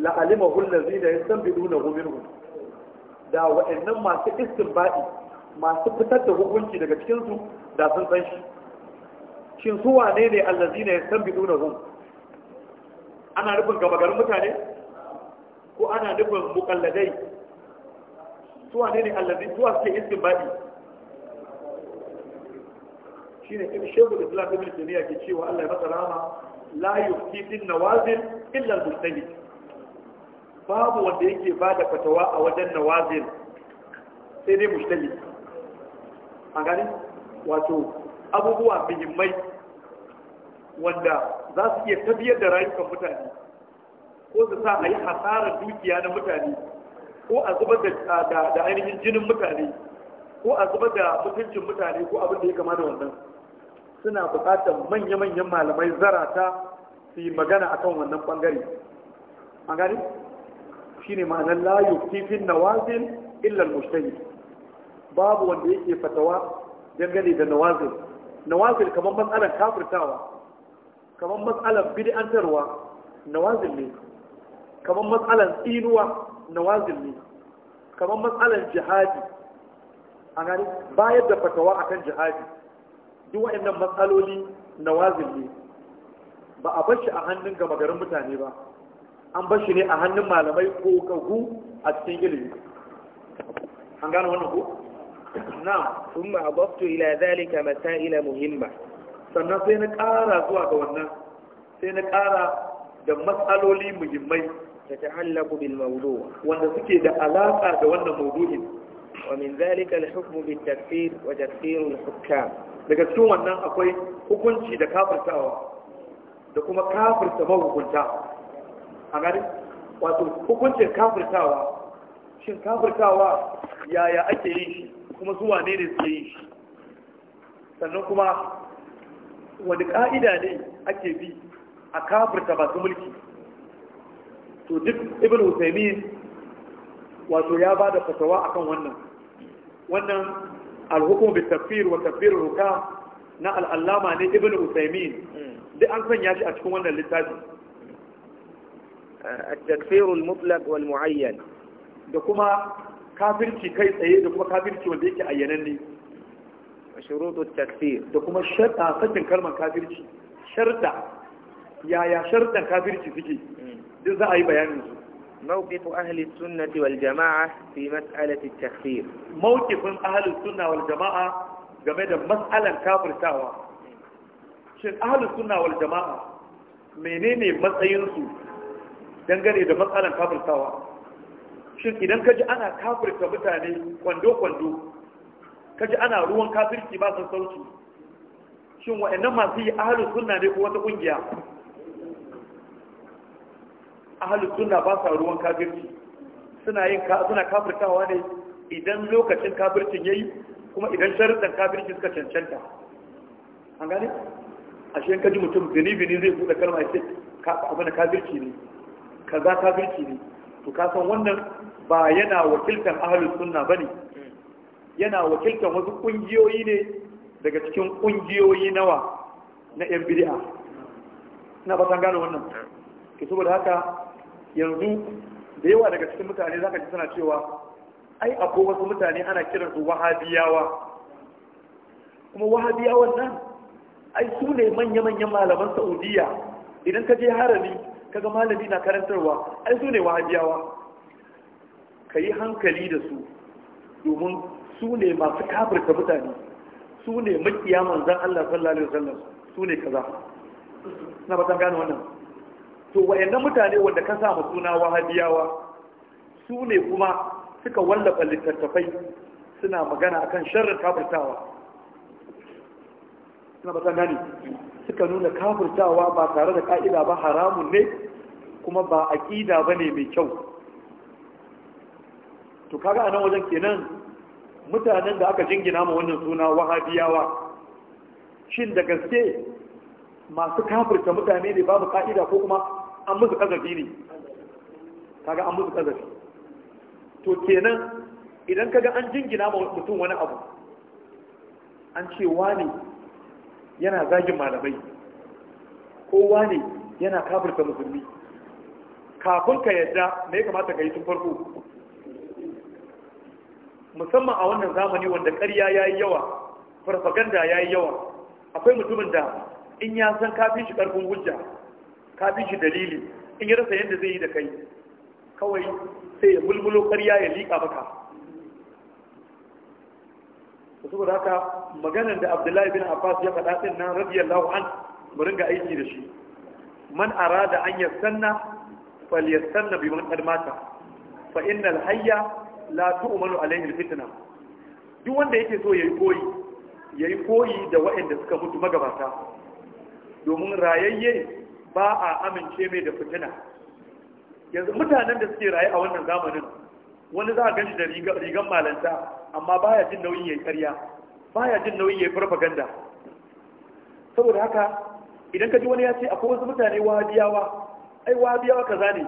la alima hul yastanbiduna minhum da wa'annan masu istinbadi masu fitar da hukunci daga cikinsu da sun san shi shin su wane ne allazi ne san bi duna hu ana nufin gaba garin mutane ko ana nufin mukalladai su wane ne allazi su suke iskin baɗi shi ne in shekul islam ibn jami'a ke cewa allah ya masa rama la yufti din nawazin illa al babu wanda yake ba da fatawa a wajen nawazin sai dai mustahid a gani wato abubuwa muhimmai wanda za su iya tabiyar da rayukan mutane ko su sa a yi hasarar dukiya na mutane ko a zubar da ainihin jinin mutane ko a zubar da mutuncin mutane ko abin da ya kama da wannan suna buƙatar manya-manyan malamai zarata su yi magana a kan wannan ɓangare an gani shi ne ma'anar layu kifin nawazin illal mushtari babu wanda yake fatawa dangane da nawazil nawazil kamar matsalar kafirtawa kamar matsalar bid'antarwa nawazil ne kamar matsalar tsinuwa nawazil ne kamar matsalar jihadi a gani bayar da fatawa akan jihadi duk wa'annan matsaloli nawazil ne ba a bashi a hannun gama garin mutane ba an bashi ne a hannun malamai ko kagu a cikin ilimi an gane wannan ko na'am thumma adaftu ila zalika masaila muhimma sannan sai na ƙara zuwa ga wannan sai na ƙara da matsaloli muhimmai ta ta'allaku bil mawdu wanda suke da alaƙa da wannan daga cikin wannan akwai hukunci da kafirtawa da kuma kafirta mahukunta a gari wato hukuncin kafirtawa shin kafirtawa yaya ake yin shi kuma zuwa ne ne zai yi shi sannan kuma wani ka'ida ne ake bi a kafirta masu mulki to duk ibn husaymin wato ya ba da fatawa akan wannan wannan alhukum bi tafsir wa tafsir ruka na al'allama ne ibn husaymin duk an sanya shi a cikin wannan littafi التكفير المطلق والمعين da kuma kafirci kai tsaye da kuma kafirci wanda yake ayyanan ne a shirutun tafsir. da kuma sharta sakin kalmar kafirci sharta yaya sharta kafirci suke hmm. duk za a yi bayanin su mawukifin ahli suna da waljama'a fi matsalatin tafiye mawukifin ahalin suna waljama'a game da matsalan kafirtawa shi ahalin suna waljama'a menene matsayinsu dangane da matsalan kafirtawa shin idan kaji ana kafirta mutane kwando-kwando kaji ana ruwan kafirci ba san sauki shin waɗannan masu yi ahalus sunna ne ko wata ƙungiya ahalus sunna ba sa ruwan kafirci suna yin suna kafirtawa ne idan lokacin kafircin yayi kuma idan sharuɗan kafirci suka cancanta an gane ashe in kaji mutum bini-bini zai buɗe kalma ya ce abin da kafirci ne kaza kafirci ne to ka san wannan ba yana wakiltar ahalus sunna bane yana wakiltar wasu kungiyoyi ne daga cikin kungiyoyi nawa na yan bid'a ina fatan gano wannan ke saboda haka yanzu da yawa daga cikin mutane zaka ji suna cewa ai akwai wasu mutane ana kiransu wahabiyawa kuma wahabiyawan nan ai su ne manya-manyan malaman saudiya idan ka je harami kaga malami na karantarwa ai su ne wahabiyawa ka yi hankali da su domin su ne masu kafirta mutane su ne makiya manzan Allah sallallahu alaihi wasallam su ne kaza na batan gane wannan to wayannan mutane wanda ka sa suna wahabiyawa su ne kuma suka wallafa littattafai suna magana akan sharrin kafirtawa na batan gani suka nuna kafirtawa ba tare da ka'ida ba haramun ne kuma ba ba ne mai kyau to kaga a nan wajen kenan mutanen da aka jingina ma wannan suna wahabiyawa shin da gaske masu kafirta mutane ne babu ka'ida ko kuma an musu kazafi ne kaga an musu kazafi to kenan idan kaga an jingina ma mutum wani abu an ce wani yana zagin malamai ko wani yana kafirta musulmi kafin ka yadda me kamata ka yi tun farko musamman a wannan zamani wanda ƙarya ya yi yawa farfaganda ya yi yawa akwai mutumin da in ya san kafin shi ƙarfin hujja kafin shi dalili in ya rasa yadda zai yi da kai kawai sai ya bulbulo ƙarya ya liƙa maka saboda haka maganar da abdullahi bin abbas ya faɗa ɗin nan radiyallahu an mu ringa aiki da shi man arada an sanna fal yassanna bi man mata fa hayya la tu'manu alaihi alfitna duk wanda yake so yayi koyi yayi koyi da waɗanda suka mutu magabata domin rayayye ba a amince mai da fitina yanzu mutanen da suke raye a wannan zamanin wani za a ganshi da rigan malanta amma baya jin nauyin yayi ƙarya baya jin nauyin yayi farfaganda saboda haka idan ka ji wani ya ce akwai wasu mutane wahabiyawa ai wahabiyawa kaza ne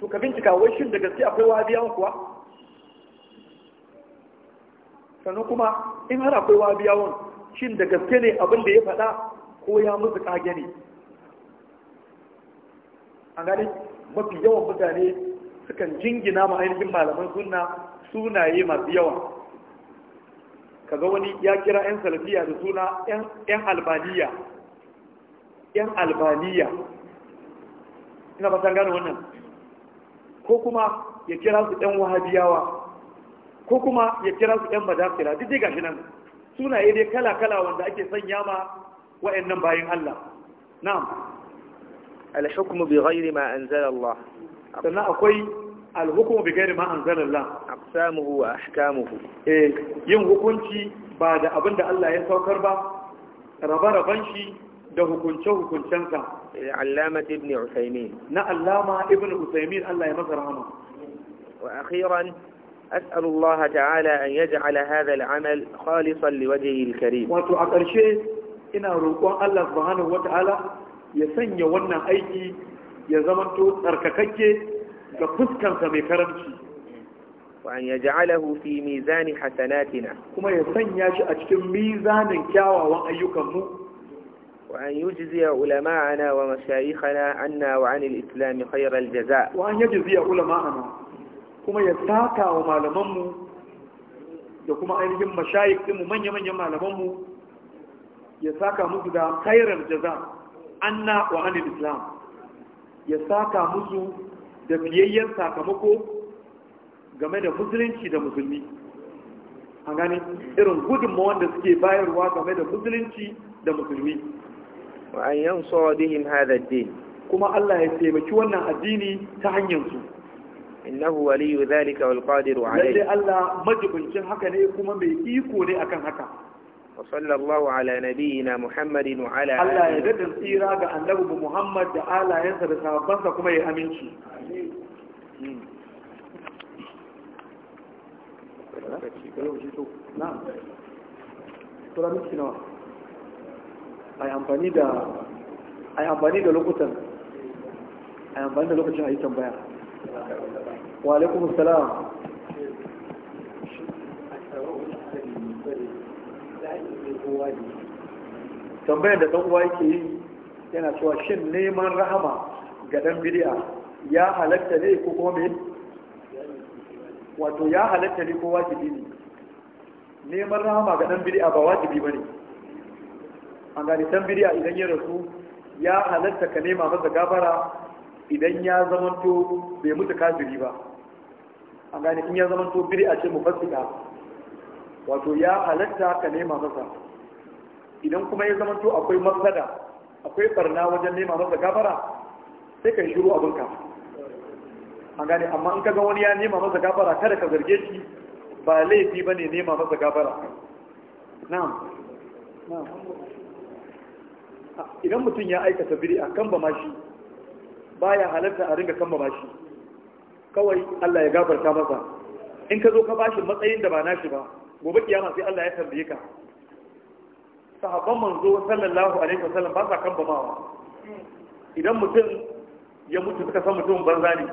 to ka bincika wai shin da gaske akwai wahabiyawa kuwa sannan kuma in har akwai wahabiyawan shin da gaske ne abin da ya faɗa ko ya musu kage ne an gani mafi yawan mutane sukan jingina ma ainihin malaman sunna sunaye masu yawa kaga wani ya kira 'yan salafiya da suna 'yan albaniya 'yan albaniya ina ba gane wannan ko kuma ya kira su 'yan wahabiyawa ko kuma ya kira su ɗan madafira duk dai gashi nan sunaye dai kala-kala wanda ake sanya ma wa'annan bayan Allah na'am al-hukmu bi ghairi ma anzala Allah sannan akwai al-hukmu bi ghairi ma anzala Allah aqsamuhu wa ahkamuhu eh yin hukunci ba da abinda Allah ya saukar ba raba raben shi da hukunce-hukuncensa al-allama eh, ibn Usaymin na allama ibn Usaymin Allah ya masa rahama wa akhiran أسأل الله تعالى أن يجعل هذا العمل خالصا لوجهه الكريم وتعقرشي إن روكوان الله سبحانه وتعالى يسني ونا أيدي يزمنتو ترككك كفسكا سمي كرمشي وأن يجعله في ميزان حسناتنا كما يسني أشكم ميزان كاوا وأيكم وأن يجزي علماءنا ومشايخنا عنا وعن الإسلام خير الجزاء وأن يجزي علماءنا kuma ya saka wa malamanmu da kuma ainihin mashayik ɗinmu manya-manyan malamanmu ya saka musu da khairar jaza anna wa anil islam ya saka musu da biyayyen sakamako game da musulunci da musulmi an gani irin gudunmawar da suke bayarwa game da musulunci da musulmi wa an yansu wa kuma Allah ya taimaki wannan addini ta hanyar su إنه ولي ذلك والقادر عليه لذي ألا مجبن شهك نيكم بإيكو أكن هكا وصلى الله على نبينا محمد وعلى ألا يدد أن له بمحمد ألا ينسى بسابنسا كما يأمنشي نعم tura miki nawa a yi amfani da lokutan a yi amfani da lokacin a yi tambaya wa alaikum salam tambayar da uwa yake yi yana cewa shin neman rahama ga ɗan biriya ya halatta ne ko kome? wato ya halatta ne ko wajibi ne neman rahama ga ɗan biriya ba wajibi ba ne a ganitan biriya idan ya rasu ya halatta ka nema masa gabara idan ya zamanto bai mutu kafiri ba a gane in ya zama to a ce mufassida wato ya halatta ka nema masa idan kuma ya zama to akwai masada akwai barna wajen nema masa gafara sai ka shiru ka a gane amma in kaga wani ya nema masa gafara kada ka zarge shi ba laifi bane nema masa gafara na'am na'am idan mutum ya aikata a kan ba ma shi baya halatta a ringa kan ba ma shi kawai Allah ya gafarta masa in ka zo ka bashi matsayin da ba nashi ba gobe kiyama sai Allah ya tambaye ka sahabban manzo sallallahu alaihi wasallam ba sa kambamawa idan mutum ya mutu suka san mutum banza ne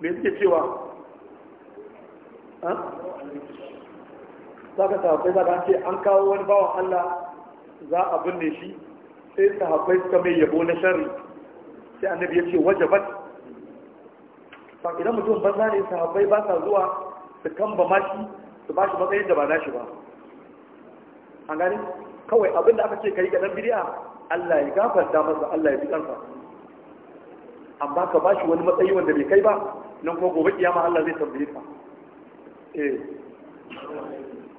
me suke cewa za ka sai da? An ce an kawo wani bawa Allah za a binne shi sai sahabbai suka mai yabo na sharri sai annabi ya ce wajabat ba idan mutum banza ne sahabbai ba sa zuwa su kamba mashi su ba shi matsayin da ba na shi ba an gani kawai abin da aka ce ka yi ga dan Allah ya gafar damar masa Allah ya fi kansa amma ka ba shi wani matsayi wanda bai kai ba nan ko gobe kiyama Allah zai tambaye ka eh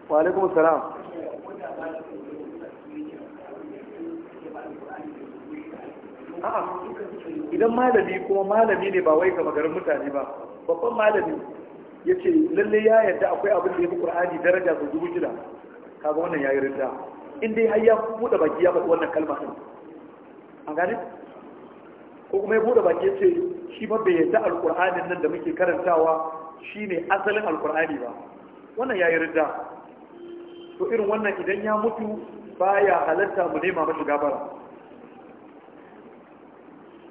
wa alaikum salam idan malami kuma malami ne ba wai ga magarin mutane ba babban malami ya ce lalle ya yadda akwai abin da ya fi ƙur'ani daraja su dubu shida kaga wannan ya yi rinda in dai har ya buɗe baki ya faɗi wannan kalma ɗin an gane ko kuma ya buɗe baki ya ce shi ba bai yarda alƙur'anin nan da muke karantawa shine asalin alƙur'ani ba wannan ya yi rinda to irin wannan idan ya mutu baya halatta mu nema mashi gabara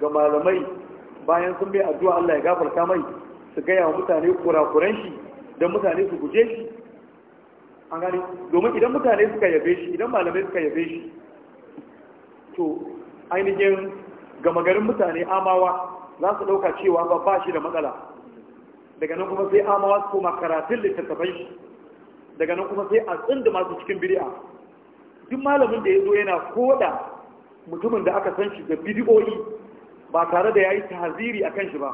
ga malamai bayan sun bai addu'a Allah ya gafarta mai su gaya wa mutane kurakuran shi don mutane su guje shi an gani domin idan mutane suka yabe shi idan malamai suka yabe shi to ainihin gama garin mutane amawa za su ɗauka cewa ba ba shi da matsala daga nan kuma sai amawa su koma karatun littattafai shi daga nan kuma sai a tsinda masu cikin biri'a duk malamin da ya zo yana koda mutumin da aka san shi da bidiyoyi ba tare da yayi tahziri akan shi ba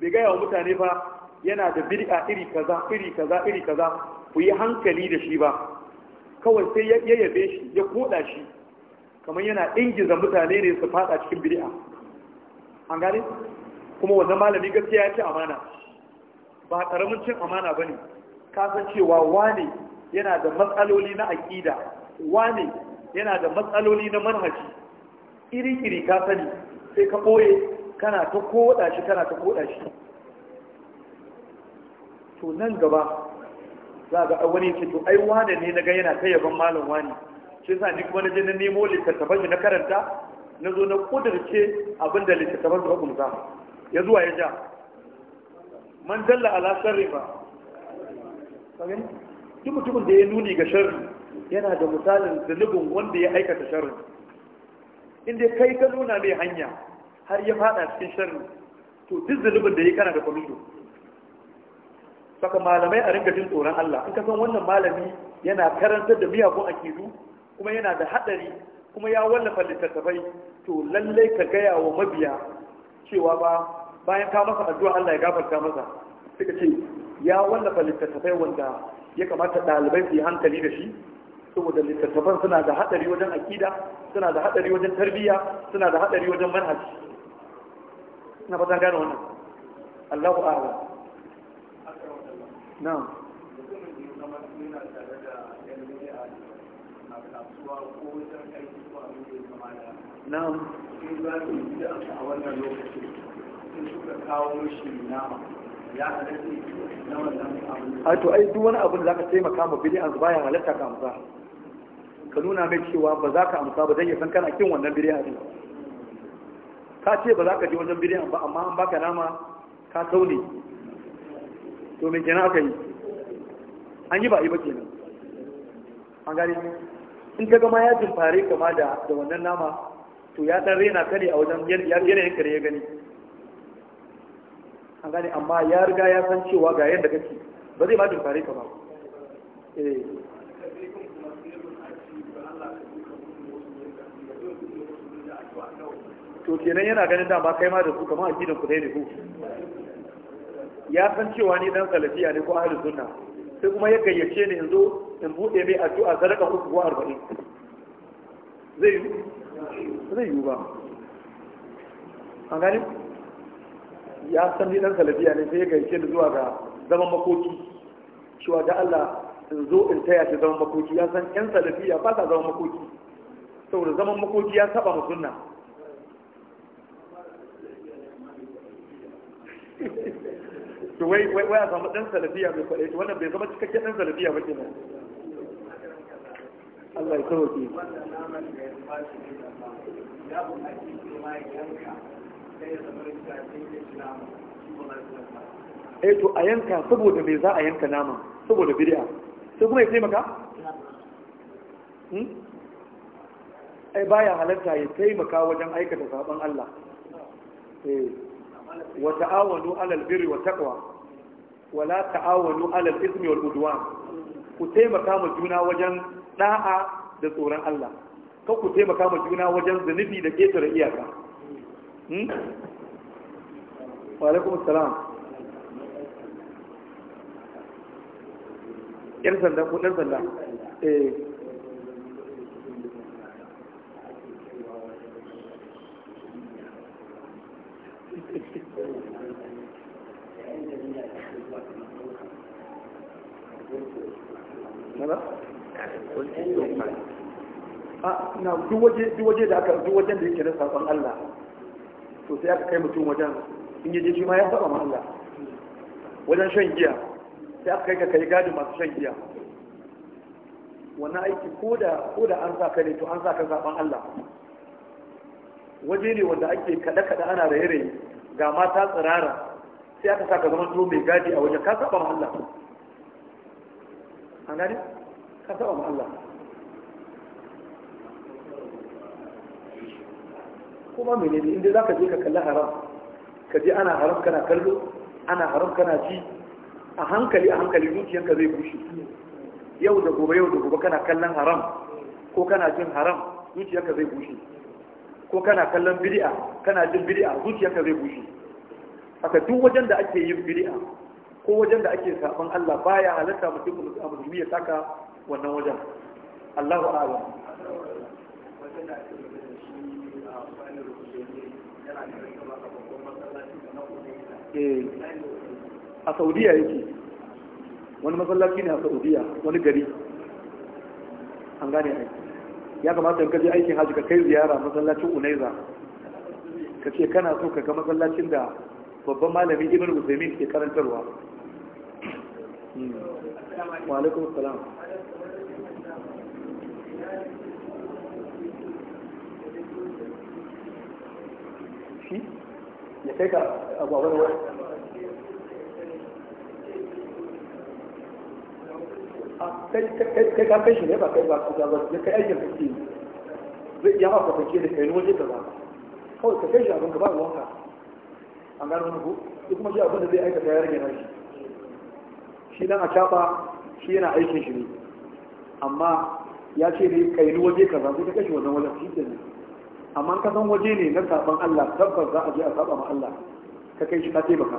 bai gaya wa mutane ba yana da bid'a iri kaza iri kaza iri kaza ku yi hankali da shi ba kawai sai ya yabe shi ya koda shi kamar yana ingiza mutane ne su fada cikin bid'a an gane kuma wannan malami gaskiya ya ci amana ba karamin cin amana bane ka san cewa wane yana da matsaloli na aƙida wane yana da matsaloli na manhaji iri iri ka sani sai ka ɓoye kana ta koɗa shi kana ta koɗa shi to nan gaba za ga wani ce to ai wane ne na ga yana ta yaban malam wani shi sa ni kuma na je na nemo littattafan shi na karanta na zo na kudirce abin da littattafan suka kunsa ya zuwa ya ja man dalla ala sharri ba duk mutumin da ya nuni ga sharri yana da misalin zunubin wanda ya aikata sharri inda kai ka nuna mai hanya har ya fada cikin sharri to duk zulubin da ya kana da kwamito saka malamai a ringa jin tsoron Allah in ka san wannan malami yana karantar da miyagun akidu kuma yana da hadari kuma ya wallafa littattafai to lallai ka gaya wa mabiya cewa ba bayan ka masa addu'a Allah ya gafarta masa suka ce ya wallafa littattafai wanda ya kamata ɗalibai su yi hankali da shi saboda littattafan suna da hadari wajen akida suna da hadari wajen tarbiyya suna da hadari wajen manhaji ina fatan gane wannan Allahu a'lam na'am na'am a a to ai duk wani abin da zaka taimaka ma bid'an baya halatta ka amsa ka nuna mai cewa ba za ka amsa ba zan ya san kana kin wannan bidiya ne ka ce ba za ka je wannan bidiya ba amma an baka nama ka taune to me kenan aka yi an yi ba yi ba kenan an gani. in ka gama ya fare kama da da wannan nama to ya dan rena ka ne a wajen yanayin kare ya gani an gani amma ya riga ya san cewa ga yadda kake ba zai ma fare ka ba eh to kenan yana ganin dama kai ma da su kamar a ku dai ne ku ya san cewa ni dan salafiya ne ko ahlus sunna sai kuma ya gayyace ni in zo in bude mai addu'a sadaka uku ko arba'in zai yi zai yi ba an gani ya san ni dan salafiya ne sai ya gayyace ni zuwa ga zaman makoki cewa da Allah in zo in taya shi zaman makoki ya san yan salafiya ba sa zaman makoki saboda zaman makoki ya saba mu sunna to wai wai a samu dan salafiya mai kwaɗe to wannan bai zama cikakken dan salafiya ba kenan Allah ya sauke eh to a yanka saboda me za a yanka nama saboda bid'a sai kuma ya taimaka eh baya halarta ya taimaka wajen aikata saban Allah eh wa ta'awanu alal birri wa taqwa wa la alal ismi wal ku taimaka ma juna wajen da'a da tsoron Allah kar taimaka ma juna wajen zunubi da ketare iyaka hmm? wa alaikum assalam na duk waje da aka duk wajen da yake na saban Allah to sai aka kai mutum wajen in yaje shi ma ya saba ma Allah wajen shan giya sai aka kai ka kai gadi masu shan giya wannan aiki ko da ko da an sa ka ne to an sa ka saban Allah waje ne wanda ake kada kada ana raye-raye ga mata tsirara sai aka sa ka zama to mai gadi a wajen ka saba ma Allah an gani ka saba ma Allah kuma menene inda za ka je ka kalli haram ka je ana haram kana kallo ana haram kana ji a hankali a hankali zuciyanka zai bushe yau da gobe yau da gobe kana kallon haram ko kana jin haram zuciyarka zai bushe ko kana kallon bid'a kana jin bid'a zuciyarka zai bushe haka duk wajen da ake yin bid'a ko wajen da ake saban Allah baya halatta mutum musulmi ya saka wannan wajen Allahu a'lam Eh, a saudiya yake wani masallaci ne a saudiya wani gari an gane aiki. ya kamata ka je aikin hajji ka kai ziyara masallacin unaiza ka ce kana so ka ga masallacin da babban malami ibn usaimin ke karantarwa hmm. wa alaikun salam ya kai ka agwagwar wani ah, kai ka kai shi ne ba kai ba ku ga ba kai aikin kake zai iya haka kake da kai waje ka ba kawai ka kai shi abin ka ba wanka an gano wani ko duk kuma shi abin da zai aikata ya rage na shi shi dan a caba shi yana aikin shi ne amma ya ce ne kai waje ka ba sai ka kai shi wannan wajen shi ke ne amma ka san waje ne na sabon Allah tabbas za a je a saba ma Allah ka kai shi ka taimaka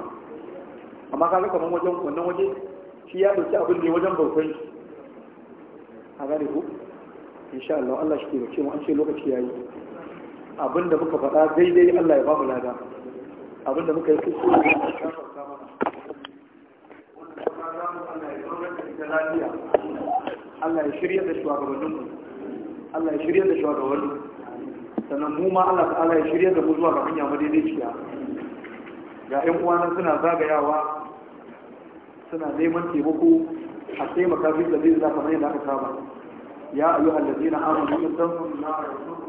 amma ka ga kaman wajen wannan waje shi ya dauki abin ne wajen bautan shi a gare ku insha Allah Allah shi ke mu an ce lokaci yayi abin da muka faɗa daidai Allah ya ba mu lada abin da muka yi kusa da Allah ya shirya da shugabanninmu Allah ya shirya da shugabanninmu sannan mu ma Allah ta'ala ya shirya da mu zuwa ga hanya madaidaiciya ga ƴan uwana suna zagayawa suna neman taimako a taimaka bisa da zai zafa da aka saba ya ayyuhal ladina amanu in tanfa'u